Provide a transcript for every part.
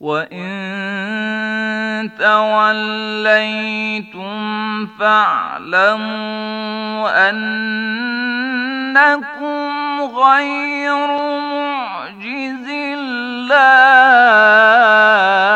وان توليتم فاعلموا انكم غير معجز الله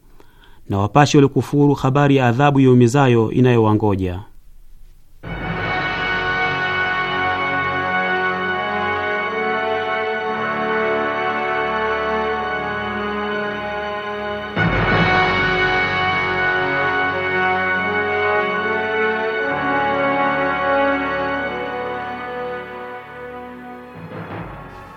na wapashe walikufuru habari ya adhabu yaumizayo inayowangoja.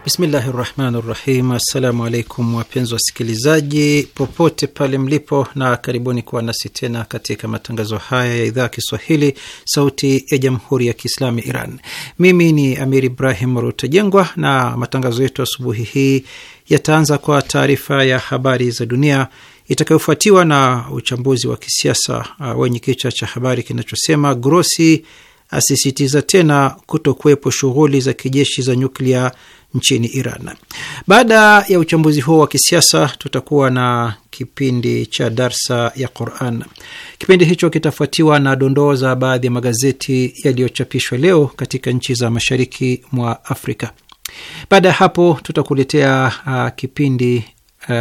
Bismillahi rahmani rahim. Assalamu alaikum wapenzi wasikilizaji popote pale mlipo, na karibuni kuwa nasi tena katika matangazo haya ya idhaa ya Kiswahili sauti ya jamhuri ya kiislamu ya Iran. Mimi ni Amir Ibrahim Rutajengwa, na matangazo yetu asubuhi hii yataanza kwa taarifa ya habari za dunia itakayofuatiwa na uchambuzi wa kisiasa uh, wenye kichwa cha habari kinachosema Grossi asisitiza tena kutokuwepo shughuli za kijeshi za nyuklia nchini Iran. Baada ya uchambuzi huo wa kisiasa, tutakuwa na kipindi cha darsa ya Quran. Kipindi hicho kitafuatiwa na dondoo za baadhi ya magazeti yaliyochapishwa leo katika nchi za mashariki mwa Afrika. Baada ya hapo, tutakuletea uh, kipindi uh,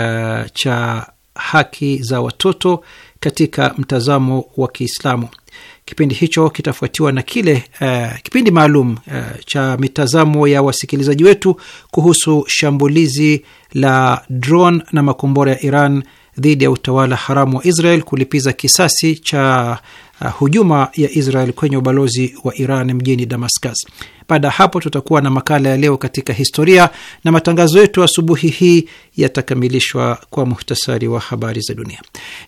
cha haki za watoto katika mtazamo wa Kiislamu. Kipindi hicho kitafuatiwa na kile uh, kipindi maalum uh, cha mitazamo ya wasikilizaji wetu kuhusu shambulizi la drone na makombora ya Iran dhidi ya utawala haramu wa Israel kulipiza kisasi cha uh, hujuma ya Israel kwenye ubalozi wa Iran mjini Damascus. Baada ya hapo, tutakuwa na makala ya leo katika historia na matangazo yetu asubuhi hii yatakamilishwa kwa muhtasari wa habari za dunia.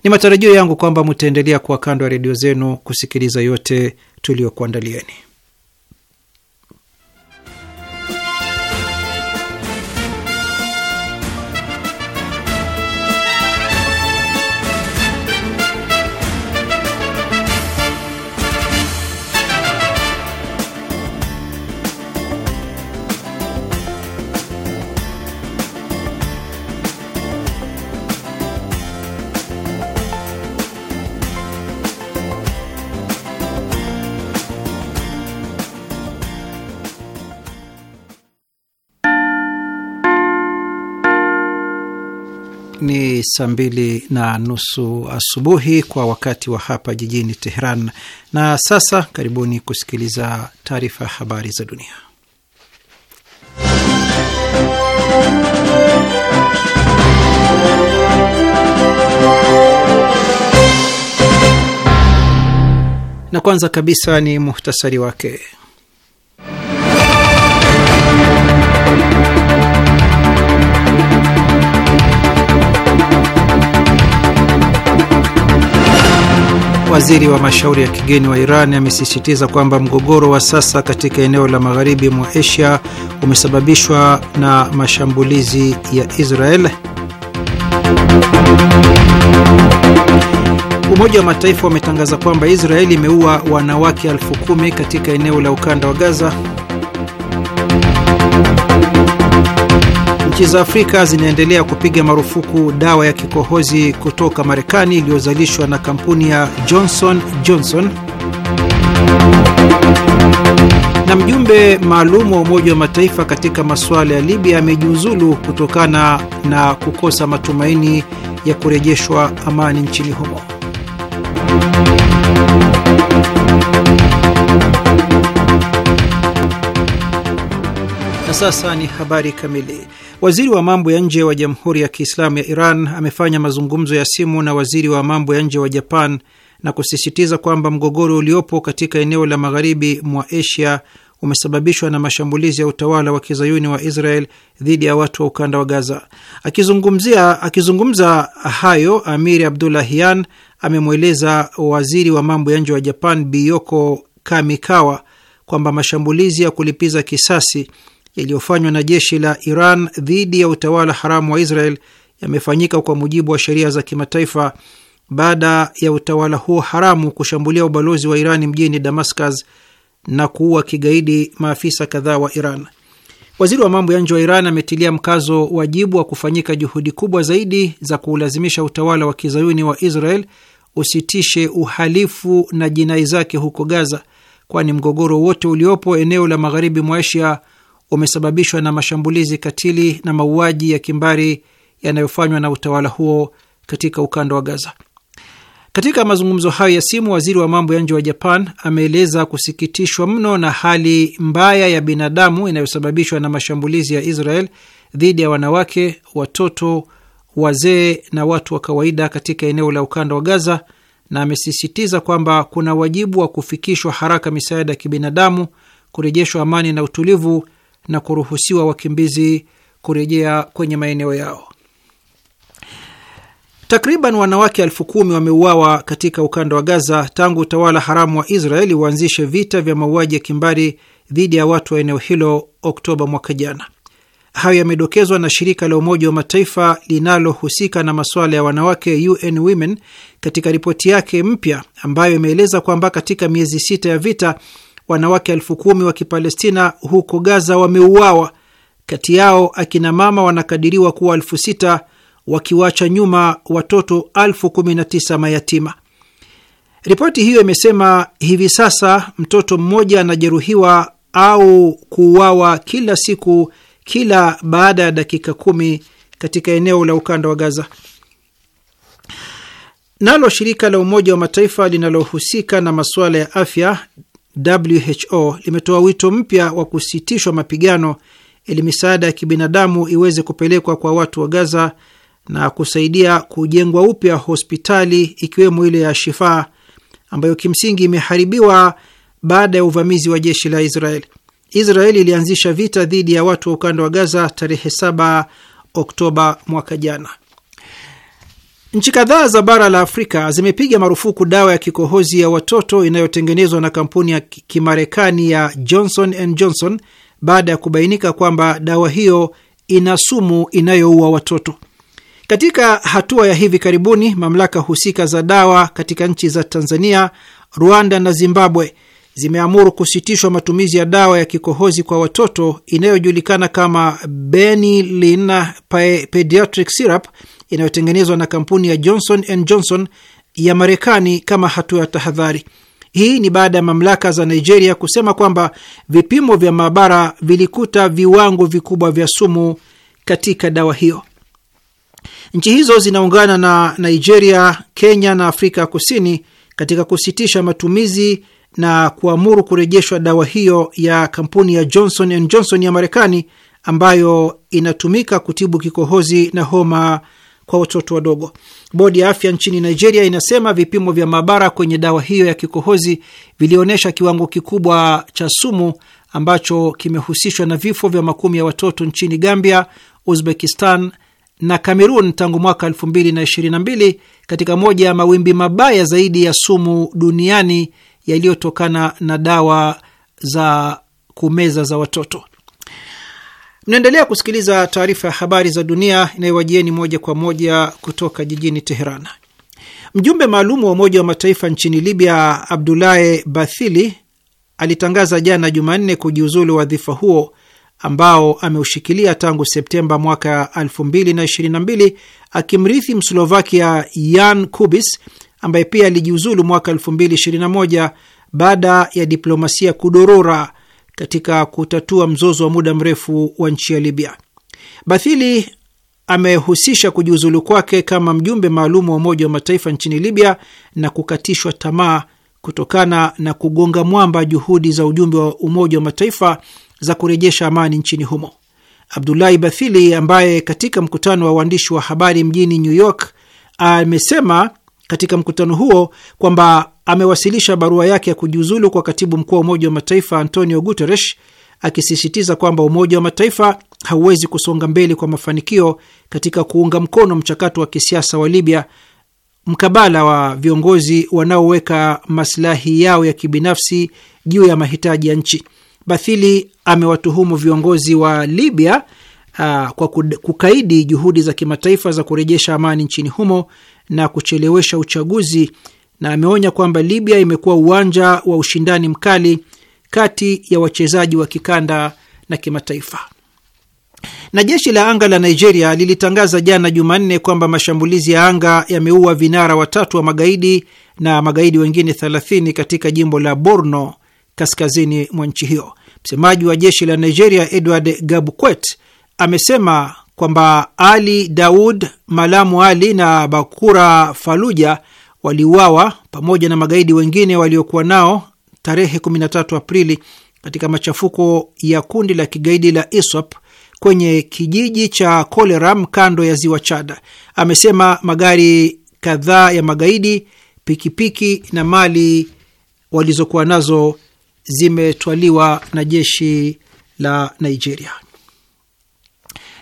Ni matarajio yangu kwamba mtaendelea kuwa kando ya redio zenu kusikiliza yote tuliyokuandalieni. ni saa mbili na nusu asubuhi kwa wakati wa hapa jijini Teheran. Na sasa karibuni kusikiliza taarifa ya habari za dunia. Na kwanza kabisa ni muhtasari wake. Waziri wa mashauri ya kigeni wa Iran amesisitiza kwamba mgogoro wa sasa katika eneo la magharibi mwa Asia umesababishwa na mashambulizi ya Israel. Umoja wa Mataifa umetangaza kwamba Israeli imeua wanawake elfu kumi katika eneo la ukanda wa Gaza. Nchi za Afrika zinaendelea kupiga marufuku dawa ya kikohozi kutoka Marekani iliyozalishwa na kampuni ya Johnson Johnson. Na mjumbe maalum wa Umoja wa Mataifa katika masuala ya Libya amejiuzulu kutokana na kukosa matumaini ya kurejeshwa amani nchini humo. Na sasa ni habari kamili. Waziri wa mambo ya nje wa Jamhuri ya Kiislamu ya Iran amefanya mazungumzo ya simu na waziri wa mambo ya nje wa Japan na kusisitiza kwamba mgogoro uliopo katika eneo la magharibi mwa Asia umesababishwa na mashambulizi ya utawala wa kizayuni wa Israel dhidi ya watu wa ukanda wa Gaza. Akizungumzia, akizungumza hayo, Amiri Abdullahian amemweleza waziri wa mambo ya nje wa Japan Biyoko Kamikawa kwamba mashambulizi ya kulipiza kisasi yaliyofanywa na jeshi la Iran dhidi ya utawala haramu wa Israel yamefanyika kwa mujibu wa sheria za kimataifa baada ya utawala huo haramu kushambulia ubalozi wa Iran mjini Damascus na kuua kigaidi maafisa kadhaa wa Iran. Waziri wa mambo ya nje wa Iran ametilia mkazo wajibu wa kufanyika juhudi kubwa zaidi za kuulazimisha utawala wa kizayuni wa Israel usitishe uhalifu na jinai zake huko Gaza, kwani mgogoro wote uliopo eneo la magharibi mwa Asia umesababishwa na mashambulizi katili na mauaji ya kimbari yanayofanywa na utawala huo katika ukanda wa Gaza. Katika mazungumzo hayo ya simu, waziri wa mambo ya nje wa Japan ameeleza kusikitishwa mno na hali mbaya ya binadamu inayosababishwa na mashambulizi ya Israel dhidi ya wanawake, watoto, wazee na watu wa kawaida katika eneo la ukanda wa Gaza, na amesisitiza kwamba kuna wajibu wa kufikishwa haraka misaada ya kibinadamu, kurejeshwa amani na utulivu na kuruhusiwa wakimbizi kurejea kwenye maeneo yao. Takriban wanawake elfu kumi wameuawa katika ukanda wa Gaza tangu utawala haramu wa Israeli waanzishe vita vya mauaji ya kimbari dhidi ya watu wa eneo hilo Oktoba mwaka jana. Hayo yamedokezwa na shirika la Umoja wa Mataifa linalohusika na masuala ya wanawake UN Women katika ripoti yake mpya ambayo imeeleza kwamba katika miezi sita ya vita wanawake elfu kumi wa Kipalestina huko Gaza wameuawa, kati yao akina mama wanakadiriwa kuwa elfu sita wakiwacha nyuma watoto elfu kumi na tisa mayatima. Ripoti hiyo imesema hivi sasa mtoto mmoja anajeruhiwa au kuuawa kila siku kila baada ya dakika kumi katika eneo la ukanda wa Gaza. Nalo shirika la Umoja wa Mataifa linalohusika na masuala ya afya WHO limetoa wito mpya wa kusitishwa mapigano ili misaada ya kibinadamu iweze kupelekwa kwa watu wa Gaza na kusaidia kujengwa upya hospitali ikiwemo ile ya Shifa ambayo kimsingi imeharibiwa baada ya uvamizi wa jeshi la Israeli. Israeli ilianzisha vita dhidi ya watu wa ukanda wa Gaza tarehe 7 Oktoba mwaka jana. Nchi kadhaa za bara la Afrika zimepiga marufuku dawa ya kikohozi ya watoto inayotengenezwa na kampuni ya Kimarekani ya Johnson and Johnson baada ya kubainika kwamba dawa hiyo ina sumu inayoua watoto. Katika hatua ya hivi karibuni, mamlaka husika za dawa katika nchi za Tanzania, Rwanda na Zimbabwe zimeamuru kusitishwa matumizi ya dawa ya kikohozi kwa watoto inayojulikana kama Benylin Pediatric Syrup inayotengenezwa na kampuni ya Johnson and Johnson ya Marekani kama hatua ya tahadhari. Hii ni baada ya mamlaka za Nigeria kusema kwamba vipimo vya maabara vilikuta viwango vikubwa vya sumu katika dawa hiyo. Nchi hizo zinaungana na Nigeria, Kenya na Afrika ya Kusini katika kusitisha matumizi na kuamuru kurejeshwa dawa hiyo ya kampuni ya Johnson and Johnson ya Marekani ambayo inatumika kutibu kikohozi na homa kwa watoto wadogo. Bodi ya afya nchini Nigeria inasema vipimo vya maabara kwenye dawa hiyo ya kikohozi vilionyesha kiwango kikubwa cha sumu ambacho kimehusishwa na vifo vya makumi ya watoto nchini Gambia, Uzbekistan na Kamerun tangu mwaka 2022 katika moja ya mawimbi mabaya zaidi ya sumu duniani yaliyotokana na dawa za kumeza za watoto. Mnaendelea kusikiliza taarifa ya habari za dunia inayowajieni moja kwa moja kutoka jijini Teheran. Mjumbe maalum wa Umoja wa Mataifa nchini Libya, Abdulahi Bathili, alitangaza jana Jumanne kujiuzulu wadhifa huo ambao ameushikilia tangu Septemba mwaka 2022 akimrithi Mslovakia Jan Kubis ambaye pia alijiuzulu mwaka 2021 baada ya diplomasia kudorora katika kutatua mzozo wa muda mrefu wa nchi ya Libya. Bathili amehusisha kujiuzulu kwake kama mjumbe maalum wa Umoja wa Mataifa nchini Libya na kukatishwa tamaa kutokana na kugonga mwamba juhudi za ujumbe wa Umoja wa Mataifa za kurejesha amani nchini humo. Abdulahi Bathili ambaye katika mkutano wa waandishi wa habari mjini New York amesema katika mkutano huo kwamba amewasilisha barua yake ya kujiuzulu kwa katibu mkuu wa Umoja wa Mataifa Antonio Guterres, akisisitiza kwamba Umoja wa Mataifa hauwezi kusonga mbele kwa mafanikio katika kuunga mkono mchakato wa kisiasa wa Libya mkabala wa viongozi wanaoweka maslahi yao ya kibinafsi juu ya mahitaji ya nchi. Bathili amewatuhumu viongozi wa Libya aa, ah, kwa kukaidi juhudi za kimataifa za kurejesha amani nchini humo na kuchelewesha uchaguzi, na ameonya kwamba Libya imekuwa uwanja wa ushindani mkali kati ya wachezaji wa kikanda na kimataifa. Na jeshi la anga la Nigeria lilitangaza jana Jumanne kwamba mashambulizi ya anga yameua vinara watatu wa magaidi na magaidi wengine 30 katika jimbo la Borno kaskazini mwa nchi hiyo. Msemaji wa jeshi la Nigeria Edward Gabuquet amesema kwamba Ali Daud, Malamu Ali na Bakura Faluja waliuawa pamoja na magaidi wengine waliokuwa nao tarehe 13 Aprili katika machafuko ya kundi la kigaidi la ISWAP kwenye kijiji cha Koleram kando ya ziwa Chada. Amesema magari kadhaa ya magaidi, pikipiki na mali walizokuwa nazo zimetwaliwa na jeshi la Nigeria.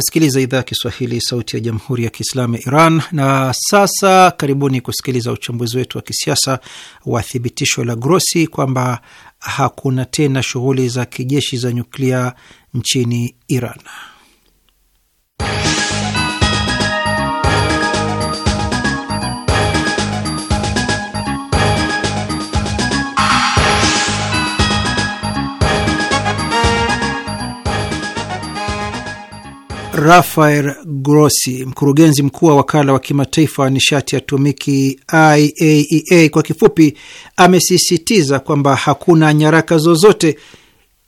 Nasikiliza idhaa ya Kiswahili, sauti ya jamhuri ya kiislamu ya Iran. Na sasa karibuni kusikiliza uchambuzi wetu wa kisiasa wa thibitisho la Grosi kwamba hakuna tena shughuli za kijeshi za nyuklia nchini Iran. Rafael Grossi, mkurugenzi mkuu wa wakala wa kimataifa wa nishati ya atomiki IAEA e kwa kifupi, amesisitiza kwamba hakuna nyaraka zozote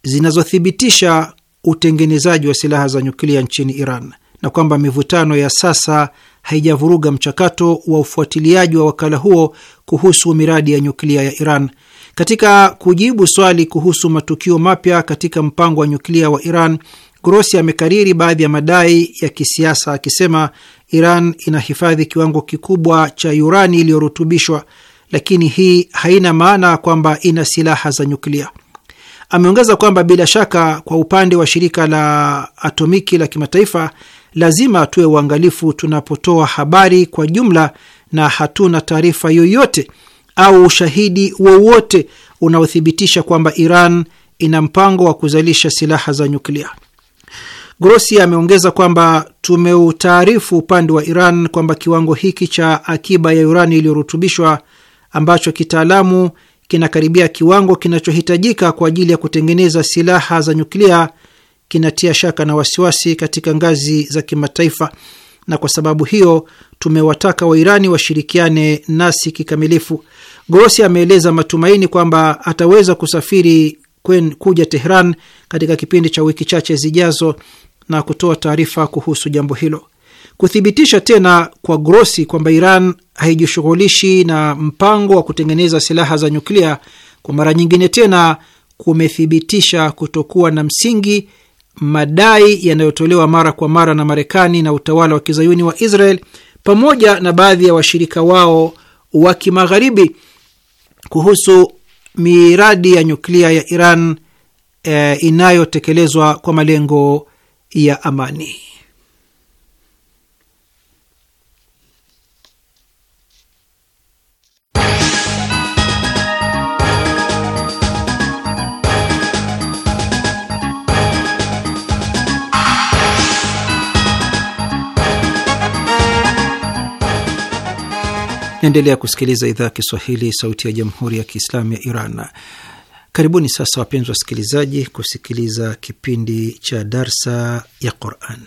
zinazothibitisha utengenezaji wa silaha za nyuklia nchini Iran na kwamba mivutano ya sasa haijavuruga mchakato wa ufuatiliaji wa wakala huo kuhusu miradi ya nyuklia ya Iran. Katika kujibu swali kuhusu matukio mapya katika mpango wa nyuklia wa Iran, Grossi amekariri baadhi ya madai ya kisiasa akisema Iran inahifadhi kiwango kikubwa cha urani iliyorutubishwa, lakini hii haina maana kwamba ina silaha za nyuklia. Ameongeza kwamba bila shaka, kwa upande wa shirika la atomiki la kimataifa, lazima tuwe uangalifu tunapotoa habari kwa jumla, na hatuna taarifa yoyote au ushahidi wowote unaothibitisha kwamba Iran ina mpango wa kuzalisha silaha za nyuklia. Grossi ameongeza kwamba tumeutaarifu upande wa Iran kwamba kiwango hiki cha akiba ya urani iliyorutubishwa ambacho kitaalamu kinakaribia kiwango kinachohitajika kwa ajili ya kutengeneza silaha za nyuklia kinatia shaka na wasiwasi katika ngazi za kimataifa, na kwa sababu hiyo tumewataka Wairani washirikiane nasi kikamilifu. Grossi ameeleza matumaini kwamba ataweza kusafiri kwen, kuja Tehran katika kipindi cha wiki chache zijazo na kutoa taarifa kuhusu jambo hilo, kuthibitisha tena kwa Grossi kwamba Iran haijishughulishi na mpango wa kutengeneza silaha za nyuklia. Kwa mara nyingine tena kumethibitisha kutokuwa na msingi madai yanayotolewa mara kwa mara na Marekani na utawala wa kizayuni wa Israel pamoja na baadhi ya washirika wao wa kimagharibi kuhusu miradi ya nyuklia ya Iran eh, inayotekelezwa kwa malengo ya amani. Naendelea kusikiliza idhaa ya Kiswahili, sauti ya jamhuri ya kiislamu ya Iran. Karibuni sasa wapenzi wasikilizaji, kusikiliza kipindi cha darsa ya Quran.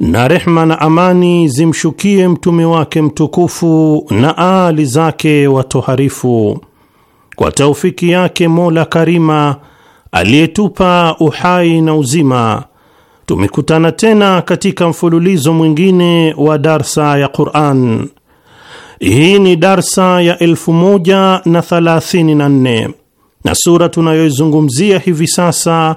na rehma na amani zimshukie mtume wake mtukufu na aali zake watoharifu. Kwa taufiki yake Mola Karima aliyetupa uhai na uzima, tumekutana tena katika mfululizo mwingine wa darsa ya Quran. Hii ni darsa ya elfu moja na na sura tunayoizungumzia hivi sasa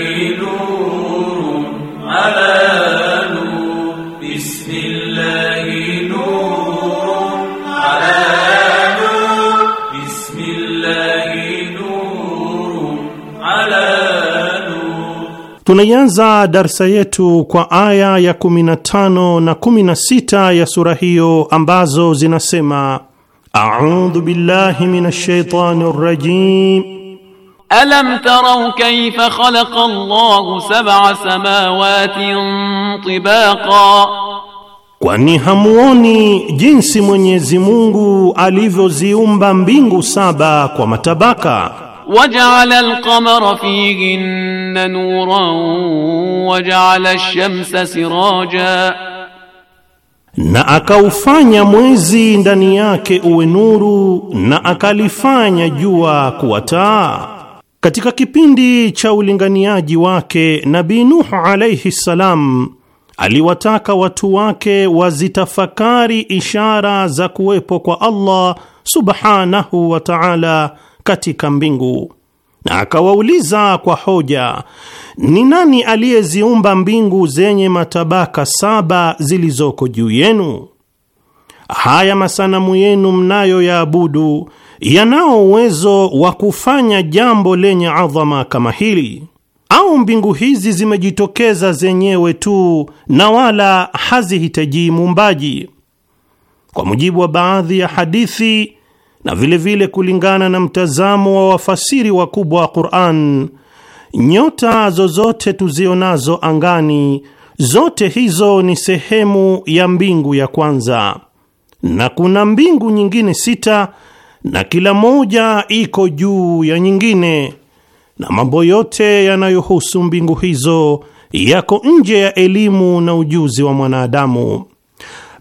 Tunaianza darsa yetu kwa aya ya 15 na 16 ya sura hiyo ambazo zinasema: audhu billahi minash shaitani rajim alam tarau kayfa khalaqa Allahu sab'a samawatin tibaqa, kwani hamuoni jinsi Mwenyezi Mungu alivyoziumba mbingu saba kwa matabaka وجعل القمر فيهن نورا وجعل الشمس سراجا na akaufanya mwezi ndani yake uwe nuru na akalifanya jua kuwa taa. Katika kipindi cha ulinganiaji wake, Nabii Nuhu alayhi salam aliwataka watu wake wazitafakari ishara za kuwepo kwa Allah subhanahu wa ta'ala katika mbingu, na akawauliza kwa hoja, ni nani aliyeziumba mbingu zenye matabaka saba zilizoko juu yenu? Haya masanamu yenu mnayoyaabudu yanao uwezo wa kufanya jambo lenye adhama kama hili? Au mbingu hizi zimejitokeza zenyewe tu na wala hazihitajii mumbaji? Kwa mujibu wa baadhi ya hadithi na vilevile vile kulingana na mtazamo wa wafasiri wakubwa wa Qur'an, nyota zozote tuzionazo angani zote hizo ni sehemu ya mbingu ya kwanza, na kuna mbingu nyingine sita, na kila moja iko juu ya nyingine, na mambo yote yanayohusu mbingu hizo yako nje ya elimu na ujuzi wa mwanadamu.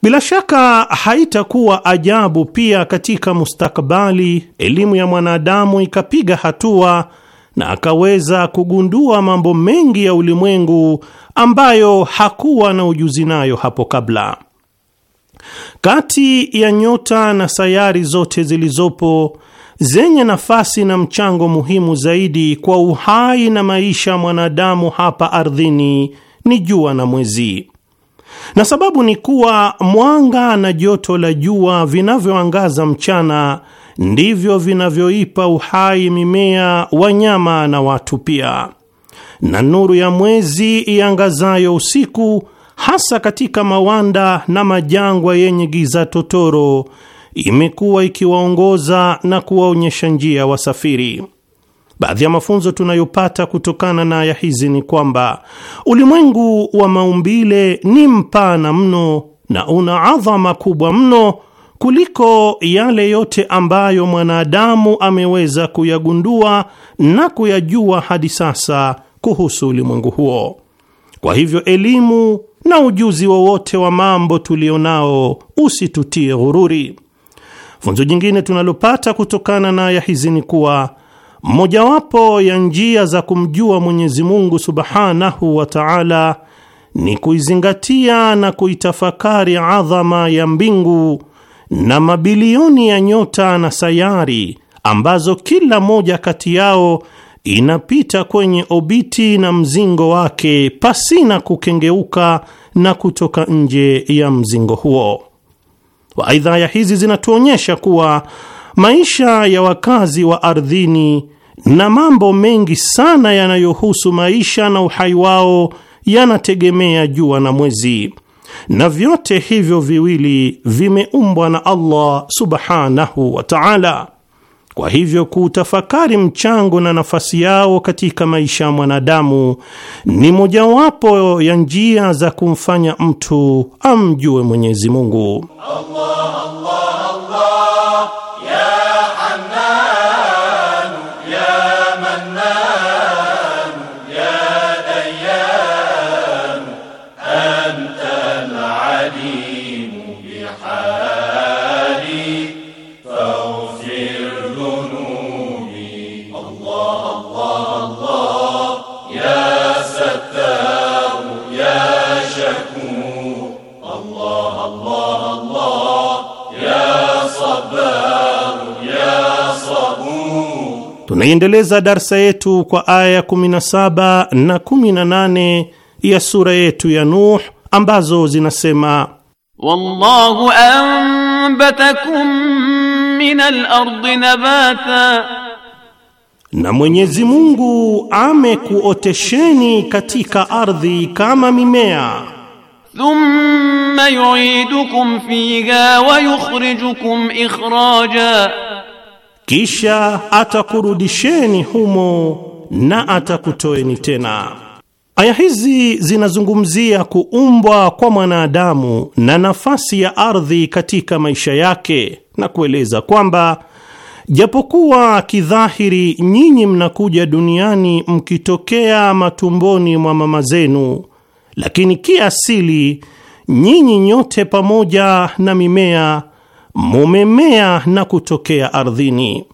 Bila shaka haitakuwa ajabu pia katika mustakabali elimu ya mwanadamu ikapiga hatua na akaweza kugundua mambo mengi ya ulimwengu ambayo hakuwa na ujuzi nayo hapo kabla. Kati ya nyota na sayari zote zilizopo zenye nafasi na mchango muhimu zaidi kwa uhai na maisha mwanadamu hapa ardhini ni jua na mwezi na sababu ni kuwa mwanga na joto la jua vinavyoangaza mchana ndivyo vinavyoipa uhai mimea, wanyama na watu pia, na nuru ya mwezi iangazayo usiku, hasa katika mawanda na majangwa yenye giza totoro, imekuwa ikiwaongoza na kuwaonyesha njia wasafiri. Baadhi ya mafunzo tunayopata kutokana na aya hizi ni kwamba ulimwengu wa maumbile ni mpana mno na una adhama kubwa mno kuliko yale yote ambayo mwanadamu ameweza kuyagundua na kuyajua hadi sasa kuhusu ulimwengu huo. Kwa hivyo elimu na ujuzi wowote wa, wa mambo tulio nao usitutie ghururi. Funzo jingine tunalopata kutokana na aya hizi ni kuwa Mojawapo ya njia za kumjua Mwenyezi Mungu Subhanahu wa Ta'ala ni kuizingatia na kuitafakari adhama ya mbingu na mabilioni ya nyota na sayari ambazo kila moja kati yao inapita kwenye obiti na mzingo wake pasina kukengeuka na kutoka nje ya mzingo huo. Waidha, ya hizi zinatuonyesha kuwa maisha ya wakazi wa ardhini na mambo mengi sana yanayohusu maisha na uhai wao yanategemea jua na mwezi, na vyote hivyo viwili vimeumbwa na Allah subhanahu wa ta'ala. Kwa hivyo kuutafakari mchango na nafasi yao katika maisha ya mwanadamu ni mojawapo ya njia za kumfanya mtu amjue Mwenyezi Mungu Allah, Allah. Tunaiendeleza darsa yetu kwa aya 17 na 18 ya sura yetu ya Nuh ambazo zinasema: wallahu anbatakum min al-ardi nabata, na Mwenyezi Mungu amekuotesheni katika ardhi kama mimea. Thumma yu'idukum fiha wa yukhrijukum ikhraja kisha atakurudisheni humo na atakutoeni tena. Aya hizi zinazungumzia kuumbwa kwa mwanadamu na nafasi ya ardhi katika maisha yake na kueleza kwamba japokuwa kidhahiri nyinyi mnakuja duniani mkitokea matumboni mwa mama zenu, lakini kiasili nyinyi nyote pamoja na mimea mumemea na kutokea ardhini.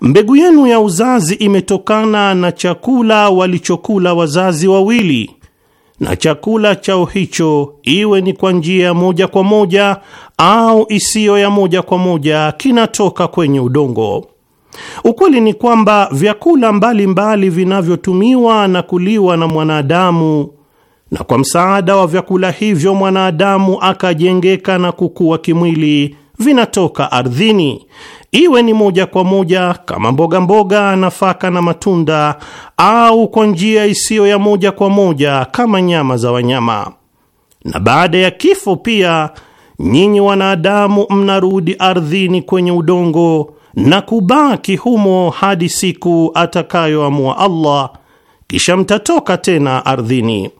Mbegu yenu ya uzazi imetokana na chakula walichokula wazazi wawili, na chakula chao hicho, iwe ni kwa njia ya moja kwa moja au isiyo ya moja kwa moja, kinatoka kwenye udongo. Ukweli ni kwamba vyakula mbalimbali vinavyotumiwa na kuliwa na mwanadamu na kwa msaada wa vyakula hivyo mwanadamu akajengeka na kukua kimwili vinatoka ardhini, iwe ni moja kwa moja kama mboga mboga, nafaka na matunda, au kwa njia isiyo ya moja kwa moja kama nyama za wanyama. Na baada ya kifo pia, nyinyi wanadamu mnarudi ardhini kwenye udongo na kubaki humo hadi siku atakayoamua Allah, kisha mtatoka tena ardhini.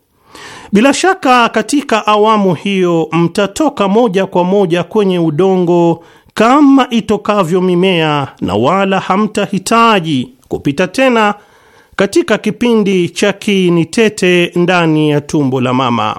Bila shaka katika awamu hiyo mtatoka moja kwa moja kwenye udongo kama itokavyo mimea na wala hamtahitaji kupita tena katika kipindi cha kiini tete ndani ya tumbo la mama.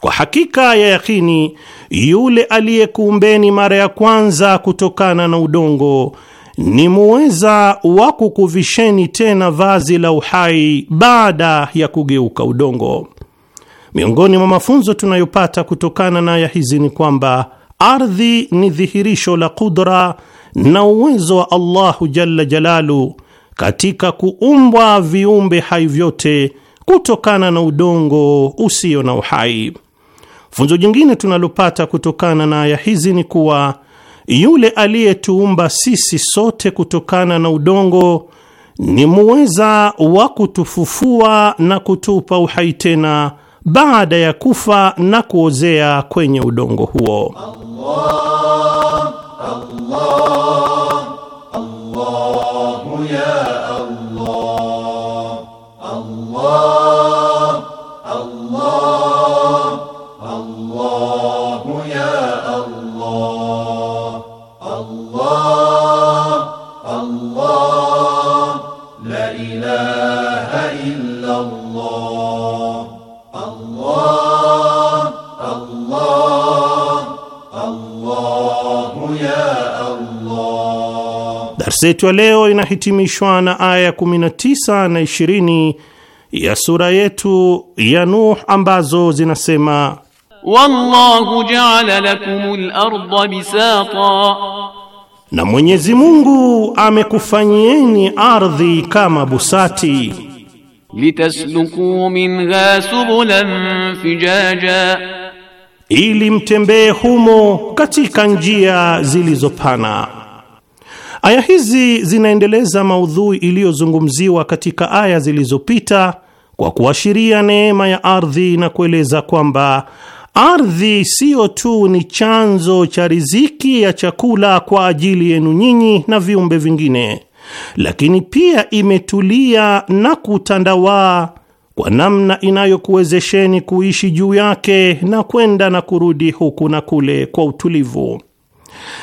Kwa hakika ya yakini, yule aliyekuumbeni mara ya kwanza kutokana na udongo ni muweza wa kukuvisheni tena vazi la uhai baada ya kugeuka udongo. Miongoni mwa mafunzo tunayopata kutokana na aya hizi ni kwamba ardhi ni dhihirisho la kudra na uwezo wa Allahu jalla jalalu katika kuumbwa viumbe hai vyote kutokana na udongo usio na uhai. Funzo jingine tunalopata kutokana na aya hizi ni kuwa yule aliyetuumba sisi sote kutokana na udongo ni muweza wa kutufufua na kutupa uhai tena baada ya kufa na kuozea kwenye udongo huo. Allah, Allah, Allah, ya Darsa yetu ya leo inahitimishwa na aya 19 na 20 ya sura yetu ya Nuh ambazo zinasema: wallahu jaala lakumul arda bisata, na Mwenyezi Mungu amekufanyieni ardhi kama busati. Litasluku minha subulan fijaja, ili mtembee humo katika njia zilizopana. Aya hizi zinaendeleza maudhui iliyozungumziwa katika aya zilizopita kwa kuashiria neema ya ardhi na kueleza kwamba ardhi siyo tu ni chanzo cha riziki ya chakula kwa ajili yenu nyinyi na viumbe vingine, lakini pia imetulia na kutandawaa kwa namna inayokuwezesheni kuishi juu yake na kwenda na kurudi huku na kule kwa utulivu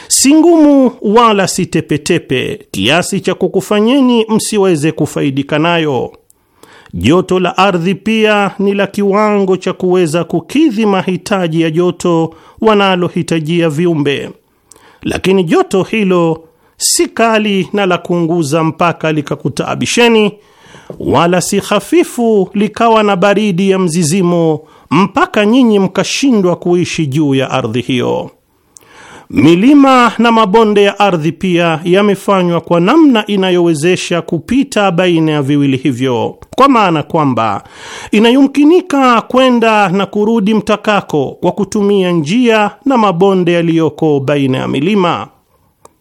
si ngumu wala si tepetepe kiasi cha kukufanyeni msiweze kufaidika nayo. Joto la ardhi pia ni la kiwango cha kuweza kukidhi mahitaji ya joto wanalohitajia viumbe, lakini joto hilo si kali na la kuunguza mpaka likakutaabisheni, wala si hafifu likawa na baridi ya mzizimo mpaka nyinyi mkashindwa kuishi juu ya ardhi hiyo. Milima na mabonde ya ardhi pia yamefanywa kwa namna inayowezesha kupita baina ya viwili hivyo, kwa maana kwamba inayomkinika kwenda na kurudi mtakako kwa kutumia njia na mabonde yaliyoko baina ya milima.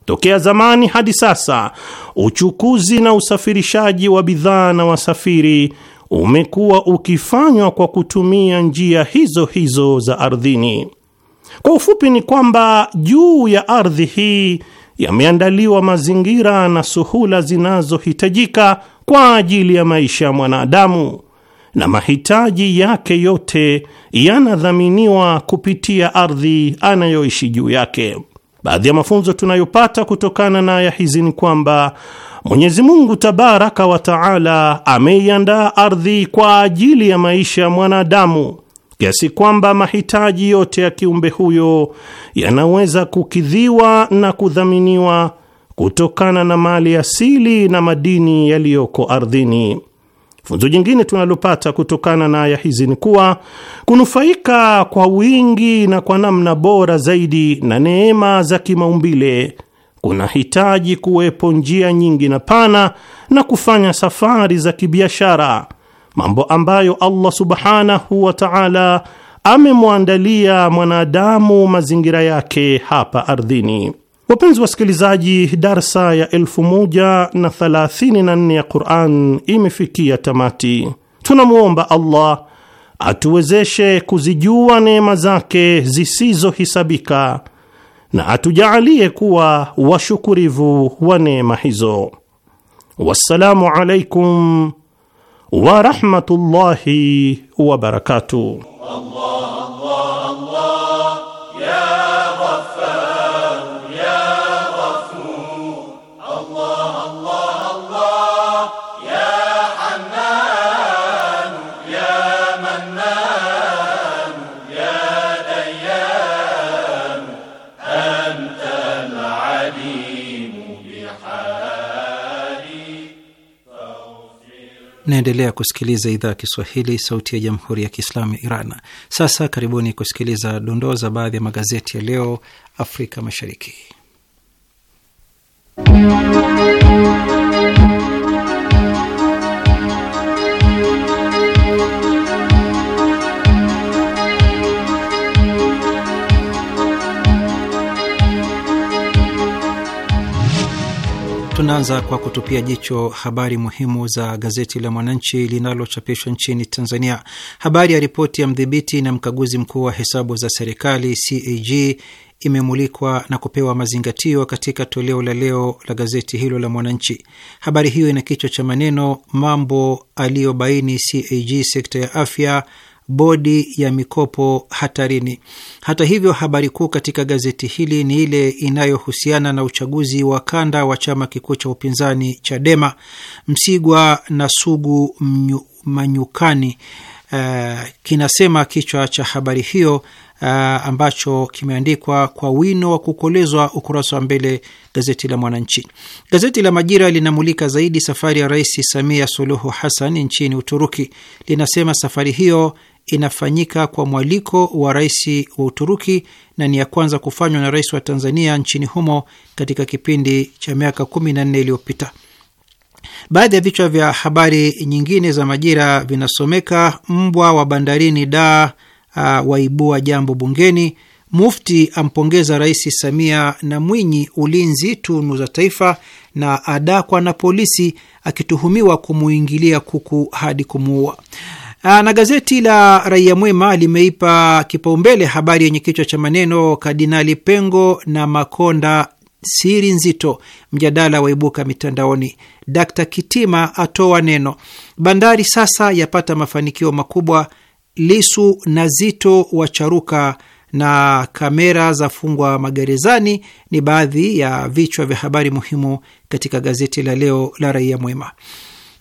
Tokea zamani hadi sasa, uchukuzi na usafirishaji wa bidhaa na wasafiri umekuwa ukifanywa kwa kutumia njia hizo hizo za ardhini. Kwa ufupi ni kwamba juu ya ardhi hii yameandaliwa mazingira na suhula zinazohitajika kwa ajili ya maisha ya mwanadamu na mahitaji yake yote yanadhaminiwa kupitia ardhi anayoishi juu yake. Baadhi ya mafunzo tunayopata kutokana na aya hizi ni kwamba Mwenyezi Mungu tabaraka wa taala ameiandaa ardhi kwa ajili ya maisha ya mwanadamu kiasi kwamba mahitaji yote ya kiumbe huyo yanaweza kukidhiwa na kudhaminiwa kutokana na mali asili na madini yaliyoko ardhini. Funzo jingine tunalopata kutokana na aya hizi ni kuwa kunufaika kwa wingi na kwa namna bora zaidi na neema za kimaumbile kunahitaji kuwepo njia nyingi na pana na kufanya safari za kibiashara mambo ambayo Allah subhanahu wa ta'ala amemwandalia mwanadamu mazingira yake hapa ardhini. Wapenzi wasikilizaji, darsa ya elfu moja na thalathini na nne ya Quran imefikia tamati. Tunamwomba Allah atuwezeshe kuzijua neema zake zisizohisabika na atujaalie kuwa washukurivu wa neema hizo. Wassalamu alaikum ورحمة الله وبركاته الله Naendelea kusikiliza idhaa ya Kiswahili, sauti ya jamhuri ya kiislamu ya Iran. Sasa karibuni kusikiliza dondoo za baadhi ya magazeti ya leo Afrika Mashariki. Tutaanza kwa kutupia jicho habari muhimu za gazeti la Mwananchi linalochapishwa nchini Tanzania. Habari ya ripoti ya mdhibiti na mkaguzi mkuu wa hesabu za serikali CAG imemulikwa na kupewa mazingatio katika toleo la leo la gazeti hilo la Mwananchi. Habari hiyo ina kichwa cha maneno mambo aliyobaini CAG sekta ya afya bodi ya mikopo hatarini. Hata hivyo, habari kuu katika gazeti hili ni ile inayohusiana na uchaguzi wa kanda wa chama kikuu cha upinzani Chadema. Msigwa na Sugu mnyu, manyukani uh, kinasema kichwa cha habari hiyo uh, ambacho kimeandikwa kwa wino wa kukolezwa ukurasa wa mbele gazeti la Mwananchi. Gazeti la Majira linamulika zaidi safari ya Rais Samia Suluhu Hassan nchini Uturuki. Linasema safari hiyo inafanyika kwa mwaliko wa rais wa Uturuki na ni ya kwanza kufanywa na rais wa Tanzania nchini humo katika kipindi cha miaka 14 iliyopita. Baadhi ya vichwa vya habari nyingine za Majira vinasomeka: mbwa wa bandarini da uh, waibua jambo bungeni, Mufti ampongeza Rais Samia na Mwinyi ulinzi tunu za taifa, na adakwa na polisi akituhumiwa kumuingilia kuku hadi kumuua. Ah, na gazeti la Raia Mwema limeipa kipaumbele habari yenye kichwa cha maneno Kardinali Pengo na Makonda siri nzito, mjadala waibuka mitandaoni. Dkt Kitima atoa neno, bandari sasa yapata mafanikio makubwa. Lisu na Zito wacharuka na kamera za fungwa magerezani ni baadhi ya vichwa vya habari muhimu katika gazeti la leo la Raia Mwema.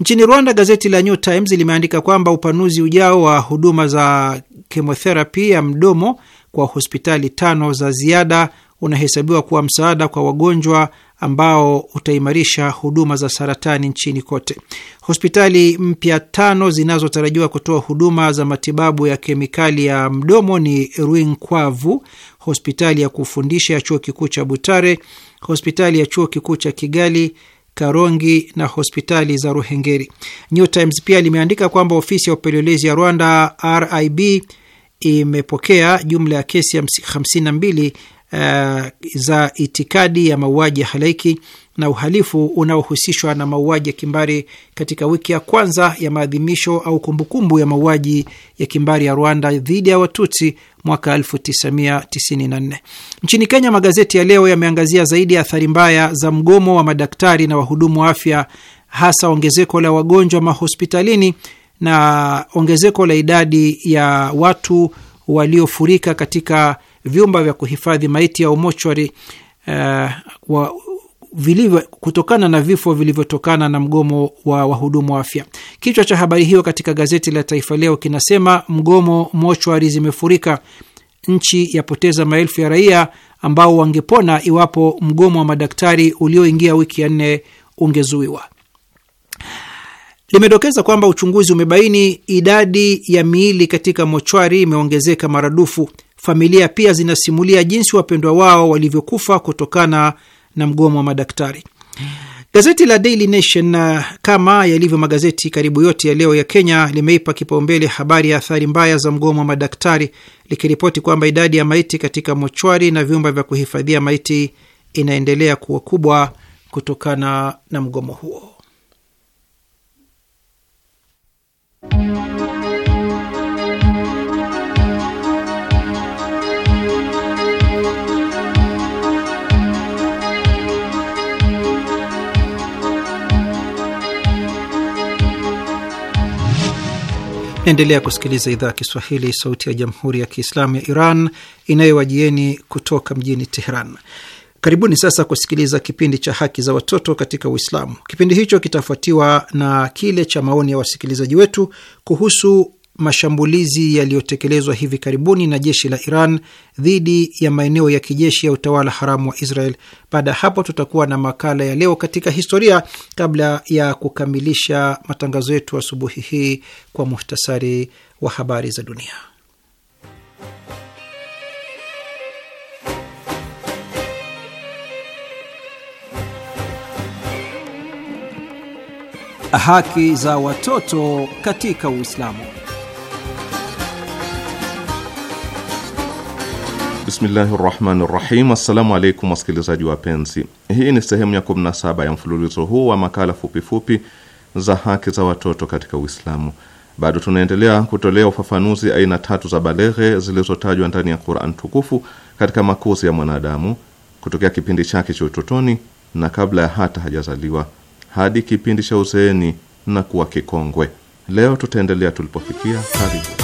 Nchini Rwanda, gazeti la New Times limeandika kwamba upanuzi ujao wa huduma za kemotherapi ya mdomo kwa hospitali tano za ziada unahesabiwa kuwa msaada kwa wagonjwa ambao utaimarisha huduma za saratani nchini kote. Hospitali mpya tano zinazotarajiwa kutoa huduma za matibabu ya kemikali ya mdomo ni Ruinkwavu, hospitali ya kufundisha ya chuo kikuu cha Butare, hospitali ya chuo kikuu cha Kigali, Karongi na hospitali za Ruhengeri. New Times pia limeandika kwamba ofisi ya upelelezi ya Rwanda RIB imepokea jumla ya kesi 52 uh, eh, za itikadi ya mauaji ya halaiki na uhalifu unaohusishwa na mauaji ya kimbari katika wiki ya kwanza ya maadhimisho au kumbukumbu ya mauaji ya kimbari ya Rwanda dhidi ya Watutsi mwaka 1994. Nchini Kenya, magazeti ya leo yameangazia zaidi ya athari mbaya za mgomo wa madaktari na wahudumu wa afya, hasa ongezeko la wagonjwa mahospitalini na ongezeko la idadi ya watu waliofurika katika vyumba vya kuhifadhi maiti ya umochwari Uh, wa, vilivyo kutokana na vifo vilivyotokana na mgomo wa wahudumu wa afya. Kichwa cha habari hiyo katika gazeti la Taifa Leo kinasema mgomo, mochwari zimefurika, nchi yapoteza maelfu ya raia ambao wangepona iwapo mgomo wa madaktari ulioingia wiki ya nne ungezuiwa. Limedokeza kwamba uchunguzi umebaini idadi ya miili katika mochwari imeongezeka maradufu. Familia pia zinasimulia jinsi wapendwa wao walivyokufa kutokana na mgomo wa madaktari. Gazeti la Daily Nation, kama yalivyo magazeti karibu yote ya leo ya Kenya, limeipa kipaumbele habari ya athari mbaya za mgomo wa madaktari, likiripoti kwamba idadi ya maiti katika mochwari na vyumba vya kuhifadhia maiti inaendelea kuwa kubwa kutokana na mgomo huo. Naendelea kusikiliza idhaa ya Kiswahili, sauti ya jamhuri ya kiislamu ya Iran inayowajieni kutoka mjini Teheran. Karibuni sasa kusikiliza kipindi cha haki za watoto katika Uislamu. Kipindi hicho kitafuatiwa na kile cha maoni ya wasikilizaji wetu kuhusu mashambulizi yaliyotekelezwa hivi karibuni na jeshi la Iran dhidi ya maeneo ya kijeshi ya utawala haramu wa Israel. Baada ya hapo, tutakuwa na makala ya leo katika historia, kabla ya kukamilisha matangazo yetu asubuhi hii kwa muhtasari wa habari za dunia. Haki za watoto katika Uislamu. Bismillahi rahmani rahim. Assalamu alaikum wasikilizaji wapenzi, hii ni sehemu ya 17 ya mfululizo huu wa makala fupifupi fupi za haki za watoto katika Uislamu. Bado tunaendelea kutolea ufafanuzi aina tatu za baleghe zilizotajwa ndani ya Quran tukufu katika makuzi ya mwanadamu kutokea kipindi chake cha utotoni na kabla ya hata hajazaliwa hadi kipindi cha uzeeni na kuwa kikongwe. Leo tutaendelea tulipofikia. Karibu.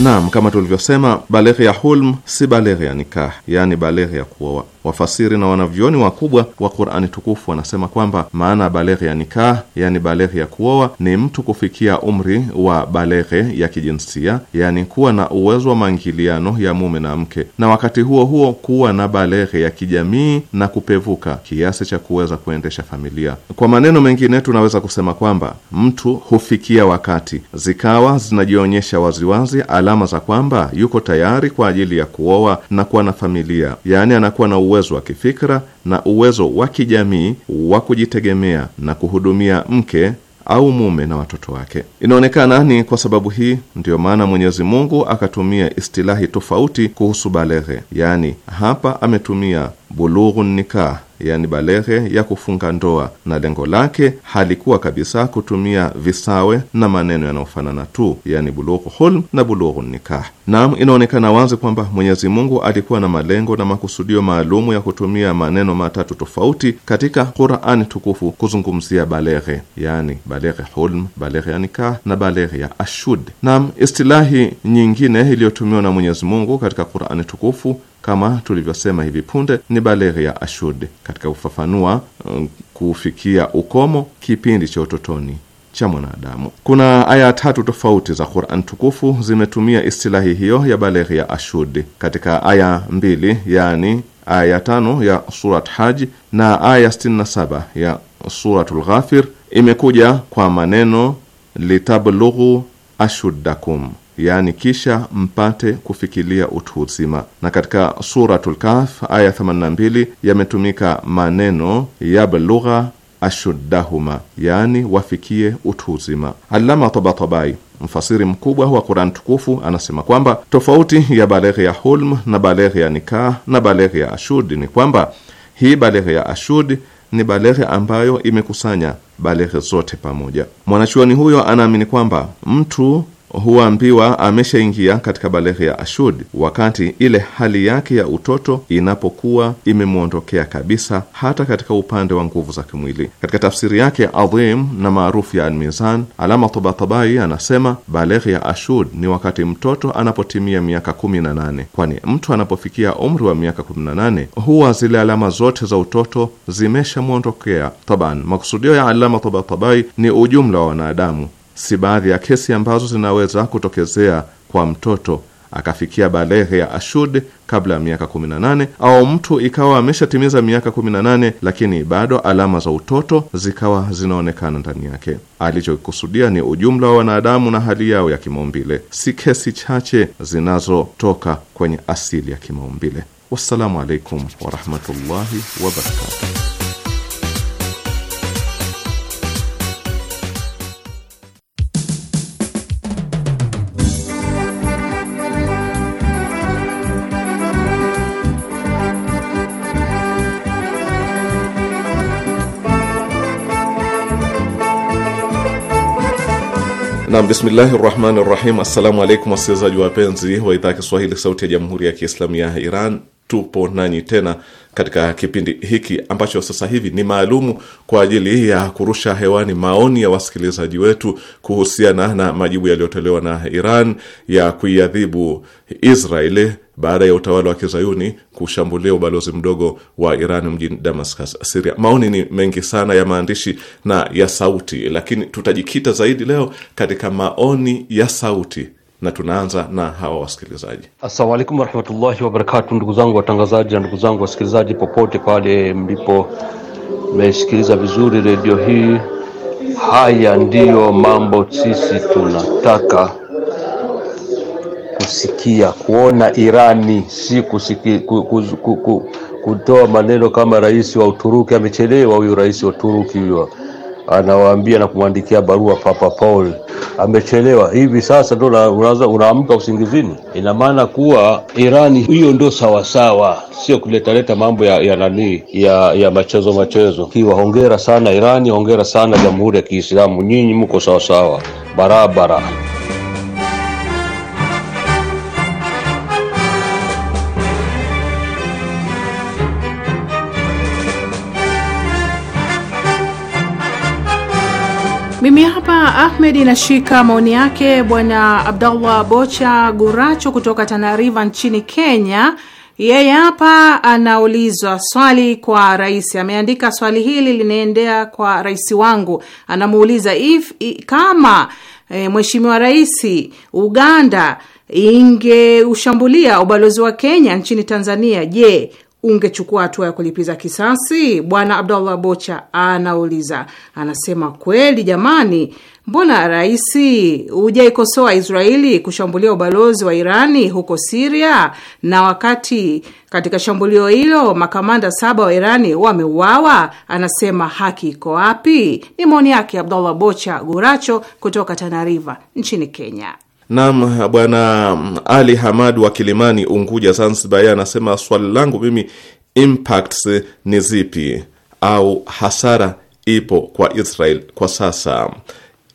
Naam, kama tulivyosema, baleria ya hulm si baleria ya nikah, yaani baleria ya kuoa. Wafasiri na wanavyoni wakubwa wa Qur'ani tukufu wanasema kwamba maana ya baleghe ya nikah, yani baleghe ya kuoa, ni mtu kufikia umri wa baleghe ya kijinsia, yani kuwa na uwezo wa maingiliano ya mume na mke, na wakati huo huo kuwa na baleghe ya kijamii na kupevuka kiasi cha kuweza kuendesha familia. Kwa maneno mengine, tunaweza kusema kwamba mtu hufikia wakati zikawa zinajionyesha waziwazi alama za kwamba yuko tayari kwa ajili ya kuoa na kuwa na familia, yani anakuwa na uwezo wa kifikra na uwezo wa kijamii wa kujitegemea na kuhudumia mke au mume na watoto wake. Inaonekana ni kwa sababu hii ndiyo maana Mwenyezi Mungu akatumia istilahi tofauti kuhusu baleghe, yaani hapa ametumia bulughu nikah, yani balehe ya kufunga ndoa, na lengo lake halikuwa kabisa kutumia visawe na maneno yanayofanana tu, yani bulughu hulm na bulughu nikah. Naam, inaonekana wazi kwamba Mwenyezi Mungu alikuwa na malengo na makusudio maalumu ya kutumia maneno matatu tofauti katika Qur'ani tukufu kuzungumzia balehe, yani balehe hulm, balehe ya nikah na balehe ya ashud. Naam, istilahi nyingine iliyotumiwa na Mwenyezi Mungu katika Qur'ani tukufu kama tulivyosema hivi punde ni baleghi ya ashud katika kufafanua um, kufikia ukomo kipindi cha utotoni cha mwanadamu. Kuna aya tatu tofauti za Qur'an tukufu zimetumia istilahi hiyo ya baleghi ya ashud katika aya mbili, yani aya ya tano ya Surat Haj na aya saba ya Suratul Ghafir imekuja kwa maneno litablughu ashuddakum yaani kisha mpate kufikilia utu uzima. Na katika Suratul Kahf aya 82 yametumika maneno yablugha ashuddahuma, yaani wafikie utu uzima. Allama Tabatabai mfasiri mkubwa wa Qur'an tukufu anasema kwamba tofauti ya baleghe ya hulm na baleghe ya nikah na baleghe ya ashud ni kwamba hii baleghe ya ashud ni baleghe ambayo imekusanya baleghe zote pamoja. Mwanachuoni huyo anaamini kwamba mtu huambiwa ameshaingia katika baleghe ya ashud, wakati ile hali yake ya utoto inapokuwa imemwondokea kabisa, hata katika upande wa nguvu za kimwili. Katika tafsiri yake adhim na maarufu ya Almizan, Alama Tabatabai anasema baleghe ya ashud ni wakati mtoto anapotimia miaka kumi na nane, kwani mtu anapofikia umri wa miaka kumi na nane huwa zile alama zote za utoto zimeshamwondokea taban. Makusudio ya Alama Tabatabai ni ujumla wa wanadamu si baadhi ya kesi ambazo zinaweza kutokezea kwa mtoto akafikia balehe ya ashud kabla ya miaka 18 au mtu ikawa ameshatimiza miaka 18 lakini bado alama za utoto zikawa zinaonekana ndani yake. Alichokusudia ni ujumla wa wanadamu na hali yao ya kimaumbile, si kesi chache zinazotoka kwenye asili ya kimaumbile. Wassalamu alaikum warahmatullahi wabarakatuh. na bismillahi rahmani rahim. Assalamu alaikum wasikilizaji wapenzi wa idhaa ya Kiswahili sauti ya jamhuri ya Kiislamu ya Iran tupo nanyi tena katika kipindi hiki ambacho sasa hivi ni maalumu kwa ajili ya kurusha hewani maoni ya wasikilizaji wetu kuhusiana na majibu yaliyotolewa na Iran ya kuiadhibu Israeli baada ya utawala wa kizayuni kushambulia ubalozi mdogo wa Iran mjini Damascus, Siria. Maoni ni mengi sana ya maandishi na ya sauti, lakini tutajikita zaidi leo katika maoni ya sauti na tunaanza na hawa wasikilizaji. Assalamu alaikum warahmatullahi wabarakatu, ndugu zangu watangazaji na ndugu zangu wasikilizaji popote pale mlipo, mmesikiliza vizuri redio hii. Haya ndiyo mambo sisi tunataka kusikia, kuona Irani, si kusikia, kutoa maneno kama rais wa Uturuki amechelewa. Huyu rais wa Uturuki huyo anawaambia na kumwandikia barua Papa Paul amechelewa hivi sasa, ndo unaanza unaamka usingizini. Ina maana kuwa Irani hiyo ndio sawasawa, sio kuletaleta mambo ya ya nani ya ya machezo machezo. Kiwa hongera sana Irani, hongera sana Jamhuri ya Kiislamu, nyinyi mko sawasawa barabara. Mimi hapa Ahmed inashika maoni yake bwana Abdallah Bocha Guracho kutoka Tanariva nchini Kenya. Yeye hapa anaulizwa swali kwa rais, ameandika swali hili linaendea kwa rais wangu, anamuuliza if, if, kama e, mheshimiwa rais Uganda ingeushambulia ubalozi wa Kenya nchini Tanzania, je, ungechukua hatua ya kulipiza kisasi? Bwana Abdallah Bocha anauliza, anasema kweli jamani, mbona raisi hujaikosoa Israeli kushambulia ubalozi wa Irani huko Siria, na wakati katika shambulio hilo makamanda saba wa Irani wameuawa? Anasema haki iko wapi? Ni maoni yake Abdallah Bocha Guracho kutoka Tanariva nchini Kenya. Naam, bwana mm, Ali Hamad wa Kilimani, Unguja, Zanzibar, yeye anasema swali langu mimi, impacts ni zipi au hasara ipo kwa Israel kwa sasa?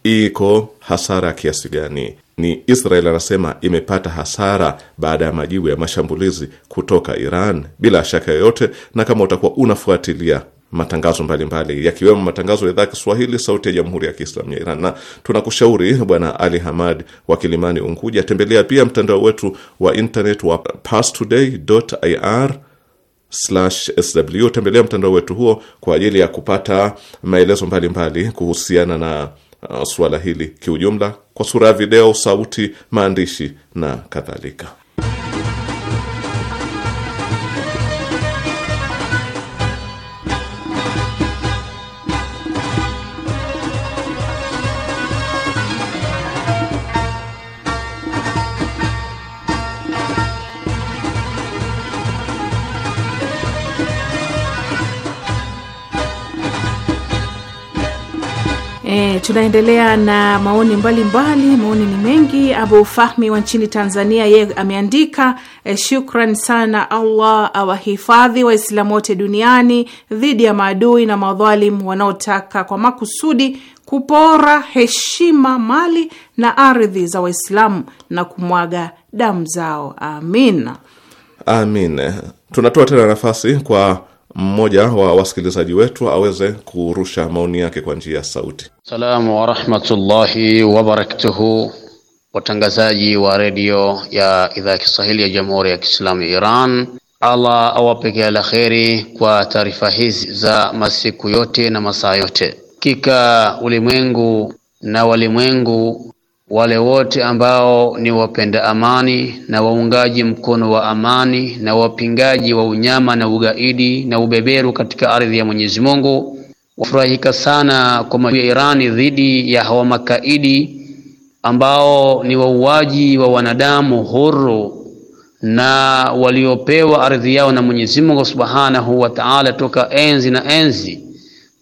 Iko hasara kiasi gani? Ni Israel anasema imepata hasara baada ya majibu ya mashambulizi kutoka Iran bila shaka yoyote. Na kama utakuwa unafuatilia matangazo mbalimbali yakiwemo matangazo ya idhaa ya Kiswahili sauti ya jamhuri ya Kiislamu ya Iran, na tunakushauri bwana Ali Hamad wa Kilimani, Unguja, tembelea pia mtandao wetu wa internet wa pastoday.ir sw. Tembelea mtandao wetu huo kwa ajili ya kupata maelezo mbalimbali mbali kuhusiana na uh, suala hili kiujumla, kwa sura ya video, sauti, maandishi na kadhalika. E, tunaendelea na maoni mbalimbali mbali. Maoni ni mengi. Abu Fahmi wa nchini Tanzania yeye ameandika e, shukran sana, Allah awahifadhi Waislamu wote duniani dhidi ya maadui na madhalimu wanaotaka kwa makusudi kupora heshima, mali na ardhi za Waislamu na kumwaga damu zao. Amin, amin. Tunatoa tena nafasi kwa mmoja wa wasikilizaji wetu aweze kurusha maoni yake kwa njia ya sauti. Salamu warahmatullahi wabarakatuhu, watangazaji wa redio ya idhaa ya Kiswahili ya Jamhuri ya Kiislamu ya Iran. Allah awapekea la kheri kwa taarifa hizi za masiku yote na masaa yote. Hakika ulimwengu na walimwengu wale wote ambao ni wapenda amani na waungaji mkono wa amani na wapingaji wa unyama na ugaidi na ubeberu katika ardhi ya Mwenyezi Mungu wafurahika sana kwa ya Irani dhidi ya hawa makaidi ambao ni wauaji wa wanadamu huru na waliopewa ardhi yao na Mwenyezi Mungu Subhanahu wa Ta'ala toka enzi na enzi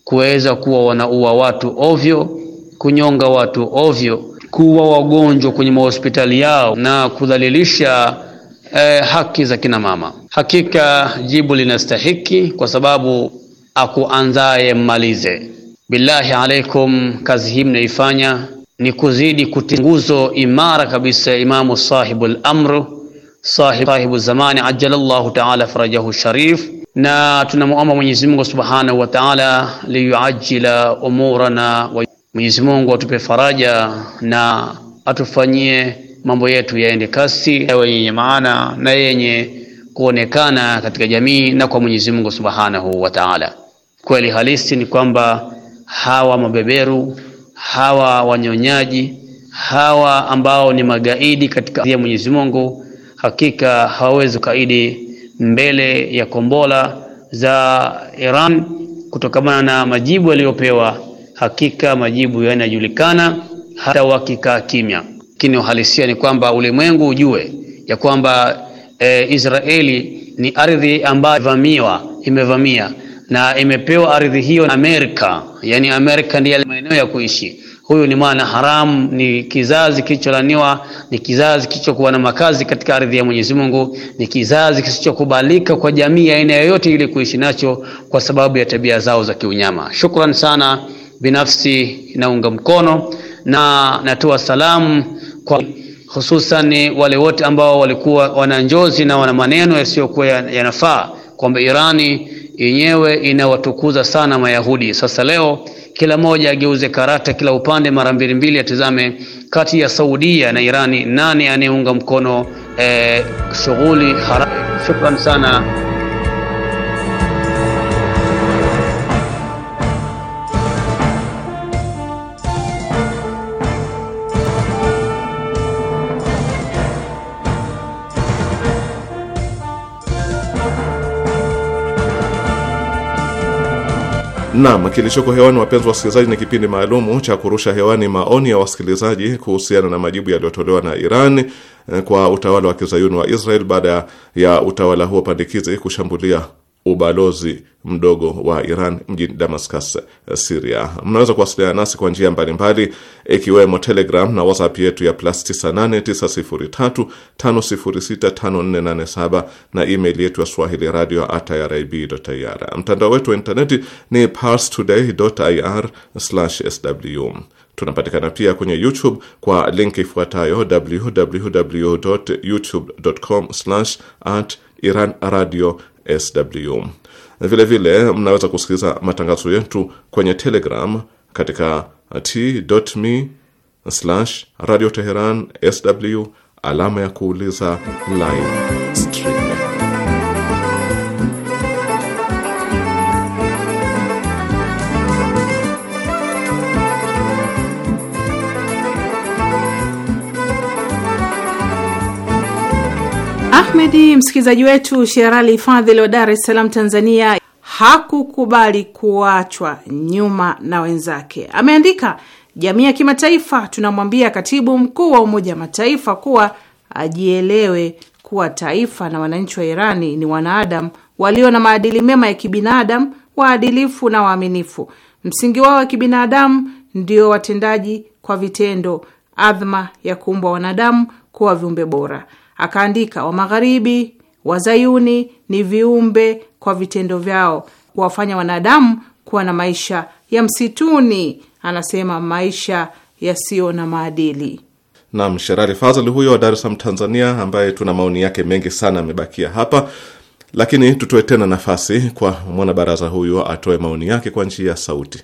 kuweza kuwa wanaua watu ovyo, kunyonga watu ovyo kuwa wagonjwa kwenye mahospitali yao na kudhalilisha eh, haki za kina mama. Hakika jibu linastahiki, kwa sababu akuanzaye mmalize. Billahi alaikum, kazi hii mnaifanya ni kuzidi kutinguzo imara kabisa Imamu al amr sahibu, sahibu zamani ajalallahu taala farajahu sharif, na tunamuomba Mwenyezi Mungu subhanahu wa taala liyuajila umurana wa Mwenyezi Mungu atupe faraja na atufanyie mambo yetu yaende kasi, yawe yenye maana na yenye kuonekana katika jamii na kwa Mwenyezi Mungu Subhanahu wa Ta'ala. Kweli halisi ni kwamba hawa mabeberu, hawa wanyonyaji, hawa ambao ni magaidi katika ya Mwenyezi Mungu, hakika hawawezi kaidi mbele ya kombola za Iran, kutokamana na majibu yaliyopewa hakika majibu yanajulikana hata wakikaa kimya. Lakini uhalisia ni kwamba ulimwengu ujue ya kwamba e, Israeli ni ardhi ambayo imevamiwa, imevamia na imepewa ardhi hiyo na Amerika, yani Amerika ndiye maeneo ya kuishi. Huyu ni mwana haramu, ni kizazi kilicholaniwa, ni kizazi kilichokuwa na makazi katika ardhi ya Mwenyezi Mungu, ni kizazi kisichokubalika kwa jamii ya aina yoyote ili kuishi nacho kwa sababu ya tabia zao za kiunyama. Shukran sana binafsi inaunga mkono na natoa salamu kwa hususan wale wote ambao walikuwa wana njozi na wana maneno yasiyokuwa yanafaa kwamba Irani yenyewe inawatukuza sana Mayahudi. Sasa leo kila mmoja ageuze karata kila upande mara mbili mbili, atizame kati ya Saudia na Irani nani anayeunga mkono eh, shughuli haramu. Shukran sana. Naam, kilichoko hewani wapenzi wa wasikilizaji, ni kipindi maalumu cha kurusha hewani maoni ya wasikilizaji kuhusiana na majibu yaliyotolewa na Iran eh, kwa utawala wa kizayuni wa Israel baada ya utawala huo pandikizi kushambulia ubalozi mdogo wa Iran mjini Damascus, siria Mnaweza kuwasiliana nasi kwa njia mbalimbali ikiwemo Telegram na WhatsApp yetu ya plus 989035065487 na email yetu ya swahili radio at irib.ir. Mtandao wetu wa intaneti ni parstoday.ir/sw. Tunapatikana pia kwenye YouTube kwa link ifuatayo www.youtube.com/at Iran radio sw. Vile vile mnaweza kusikiliza matangazo yetu kwenye Telegram katika t.me radio Teheran sw alama ya kuuliza line Ahmedi, msikilizaji wetu Sherali Fadhili wa Dar es Salaam, Tanzania, hakukubali kuachwa nyuma na wenzake. Ameandika, jamii ya kimataifa tunamwambia katibu mkuu wa Umoja wa Mataifa kuwa ajielewe kuwa taifa na wananchi wa Irani ni wanaadamu walio na maadili mema ya kibinadamu, waadilifu na waaminifu. Msingi wao wa kibinadamu ndio watendaji kwa vitendo, adhma ya kuumbwa wanadamu kuwa viumbe bora. Akaandika, wa magharibi wazayuni ni viumbe kwa vitendo vyao kuwafanya wanadamu kuwa na maisha ya msituni, anasema maisha yasiyo na maadili. Nam Sherali Fazl huyo wa Dar es Salaam, Tanzania, ambaye tuna maoni yake mengi sana amebakia hapa, lakini tutoe tena nafasi kwa mwanabaraza huyu atoe maoni yake kwa njia ya sauti.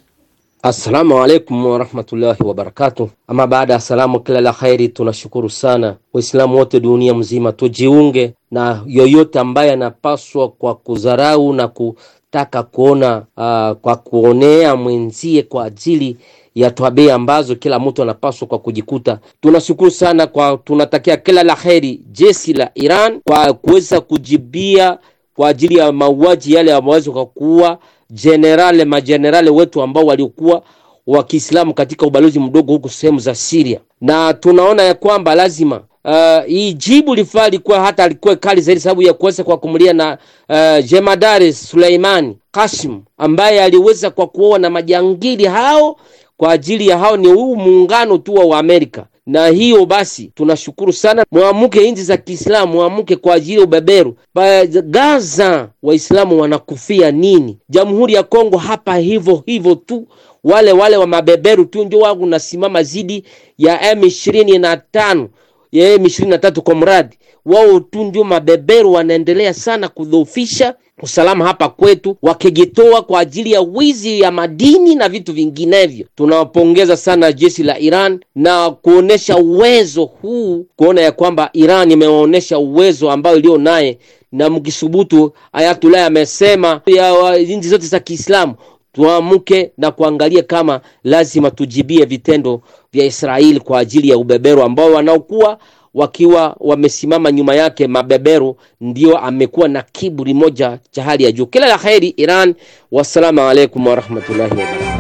Assalamu alaikum warahmatullahi wabarakatuh. Ama baada ya salamu, kila la khairi. Tunashukuru sana Waislamu wote dunia mzima, tujiunge na yoyote ambaye anapaswa kwa kudharau na kutaka kuona uh, kwa kuonea mwenzie kwa ajili ya tabia ambazo kila mtu anapaswa kwa kujikuta. Tunashukuru sana kwa, tunatakia kila la heri jeshi la Iran kwa kuweza kujibia kwa ajili ya mauaji yale ambayo kwa kuwa jenerali majenerali wetu ambao waliokuwa wa Kiislamu katika ubalozi mdogo huko sehemu za Syria, na tunaona ya kwamba lazima Uh, hii jibu lifaa likuwa hata alikuwa kali zaidi sababu ya kuweza kwa kumulia na uh, jemadari Suleimani Kasim ambaye aliweza kwa kuoa na majangili hao kwa ajili ya hao ni huu muungano tu wa Amerika na hiyo basi, tunashukuru sana. Mwamuke nchi za Kiislamu, mwamuke kwa ajili ya ubeberu ba Gaza. Waislamu wanakufia nini? Jamhuri ya Kongo hapa hivyo hivyo tu, wale wale wa mabeberu tu ndio wangu nasimama zidi ya M ishirini na tano ya M23 kwa mradi wao tu ndio mabeberu wanaendelea sana kudhoofisha usalama hapa kwetu, wakijitoa kwa ajili ya wizi ya madini na vitu vinginevyo. Tunawapongeza sana jeshi la Iran na kuonesha uwezo huu, kuona ya kwamba Iran imewaonesha uwezo ambao iliyo naye na mkisubutu, Ayatullah amesema ya nchi zote za Kiislamu tuamuke na kuangalia kama lazima tujibie vitendo vya Israeli kwa ajili ya ubeberu ambao wanaokuwa wakiwa wamesimama nyuma yake. Mabeberu ndio amekuwa na kiburi moja cha hali ya juu. Kila la kheri Iran. Wassalamu alaikum warahmatullahi wabarakatuh.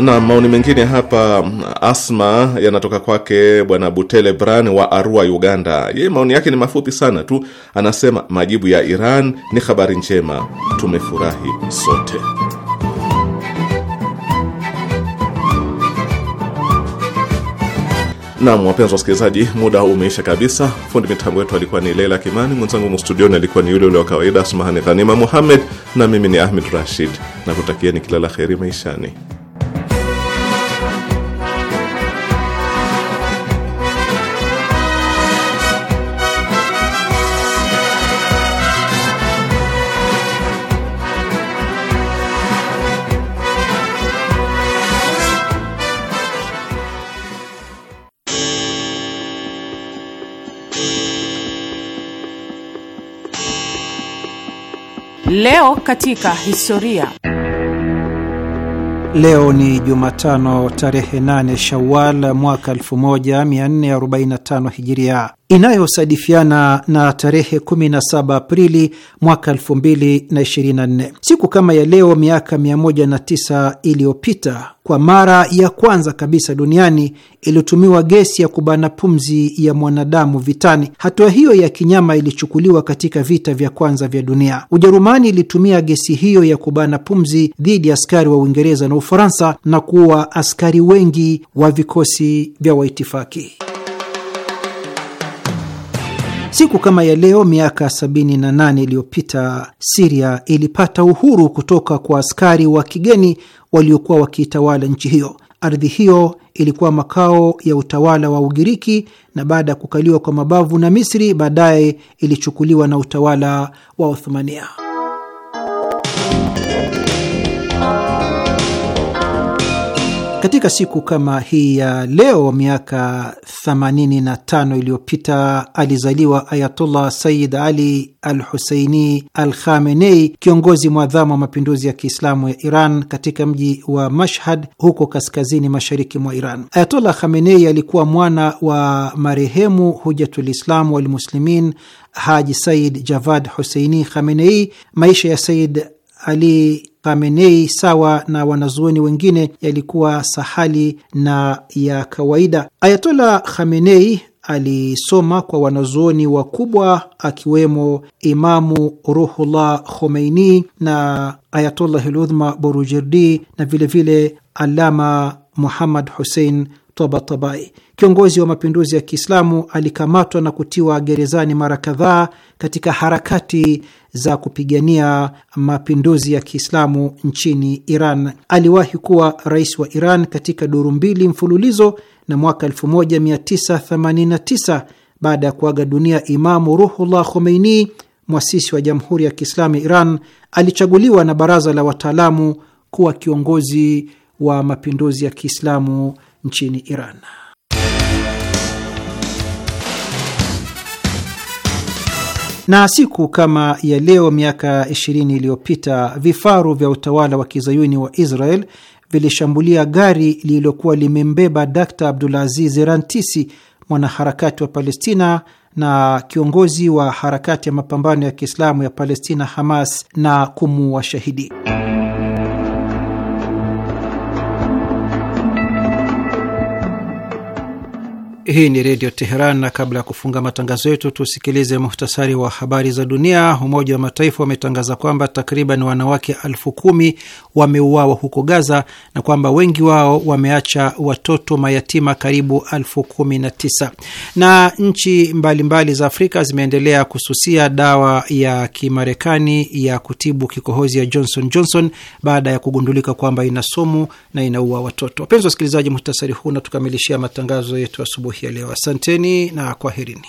na maoni mengine hapa Asma yanatoka kwake bwana Butele Bran wa Arua, Uganda. Yeye maoni yake ni mafupi sana tu, anasema majibu ya Iran ni habari njema, tumefurahi sote. Nam, wapenzi wasikilizaji, muda umeisha kabisa. Fundi mitambo yetu alikuwa ni Leila Kimani, mwenzangu mustudioni alikuwa ni yule ule wa kawaida Asmahani Ghanima Muhammed, na mimi ni Ahmed Rashid na kutakieni kila la kheri maishani. Leo katika historia. Leo ni Jumatano tarehe 8 Shawal mwaka 1445 Hijiria, inayosadifiana na tarehe 17 Aprili mwaka 2024. Siku kama ya leo miaka 109 iliyopita, kwa mara ya kwanza kabisa duniani ilitumiwa gesi ya kubana pumzi ya mwanadamu vitani. Hatua hiyo ya kinyama ilichukuliwa katika vita vya kwanza vya dunia. Ujerumani ilitumia gesi hiyo ya kubana pumzi dhidi ya askari wa Uingereza na Ufaransa na kuua askari wengi wa vikosi vya Waitifaki. Siku kama ya leo miaka 78 iliyopita Siria ilipata uhuru kutoka kwa askari wa kigeni waliokuwa wakiitawala nchi hiyo. Ardhi hiyo ilikuwa makao ya utawala wa Ugiriki na baada ya kukaliwa kwa mabavu na Misri, baadaye ilichukuliwa na utawala wa Othmania. Katika siku kama hii ya leo miaka 85 iliyopita alizaliwa Ayatullah Sayyid Ali al Huseini al Khamenei, kiongozi mwadhamu wa mapinduzi ya Kiislamu ya Iran, katika mji wa Mashhad huko kaskazini mashariki mwa Iran. Ayatullah Khamenei alikuwa mwana wa marehemu Hujatulislamu walmuslimin Haji Said Javad Huseini Khamenei. Maisha ya Said Ali Pamenei sawa na wanazuoni wengine yalikuwa sahali na ya kawaida. Ayatola Khamenei alisoma kwa wanazuoni wakubwa akiwemo Imamu Ruhullah Khomeini na Ayatollah Ludhma Borujerdi na vilevile vile Alama Muhammad Hussein Tabatabai. Kiongozi wa mapinduzi ya Kiislamu alikamatwa na kutiwa gerezani mara kadhaa katika harakati za kupigania mapinduzi ya Kiislamu nchini Iran. Aliwahi kuwa rais wa Iran katika duru mbili mfululizo na mwaka 1989 baada ya kuaga dunia Imamu Ruhullah Khomeini, mwasisi wa Jamhuri ya Kiislamu ya Iran, alichaguliwa na baraza la wataalamu kuwa kiongozi wa mapinduzi ya Kiislamu nchini Iran. Na siku kama ya leo miaka 20 iliyopita vifaru vya utawala wa kizayuni wa Israel vilishambulia gari lililokuwa limembeba Dr Abdulaziz Rantisi, mwanaharakati wa Palestina na kiongozi wa harakati ya mapambano ya Kiislamu ya Palestina, Hamas, na kumuua shahidi. Hii ni Redio Teheran, na kabla ya kufunga matangazo yetu tusikilize muhtasari wa habari za dunia. Umoja wa Mataifa wametangaza kwamba takriban wanawake elfu kumi wameuawa huko Gaza na kwamba wengi wao wameacha watoto mayatima karibu elfu kumi na tisa. Na nchi mbalimbali mbali za Afrika zimeendelea kususia dawa ya Kimarekani ya kutibu kikohozi ya Johnson Johnson baada ya kugundulika kwamba ina sumu na inaua watoto. Wapenzi wasikilizaji, muhtasari huu natukamilishia matangazo yetu asubuhi ya leo. Asanteni na kwaherini.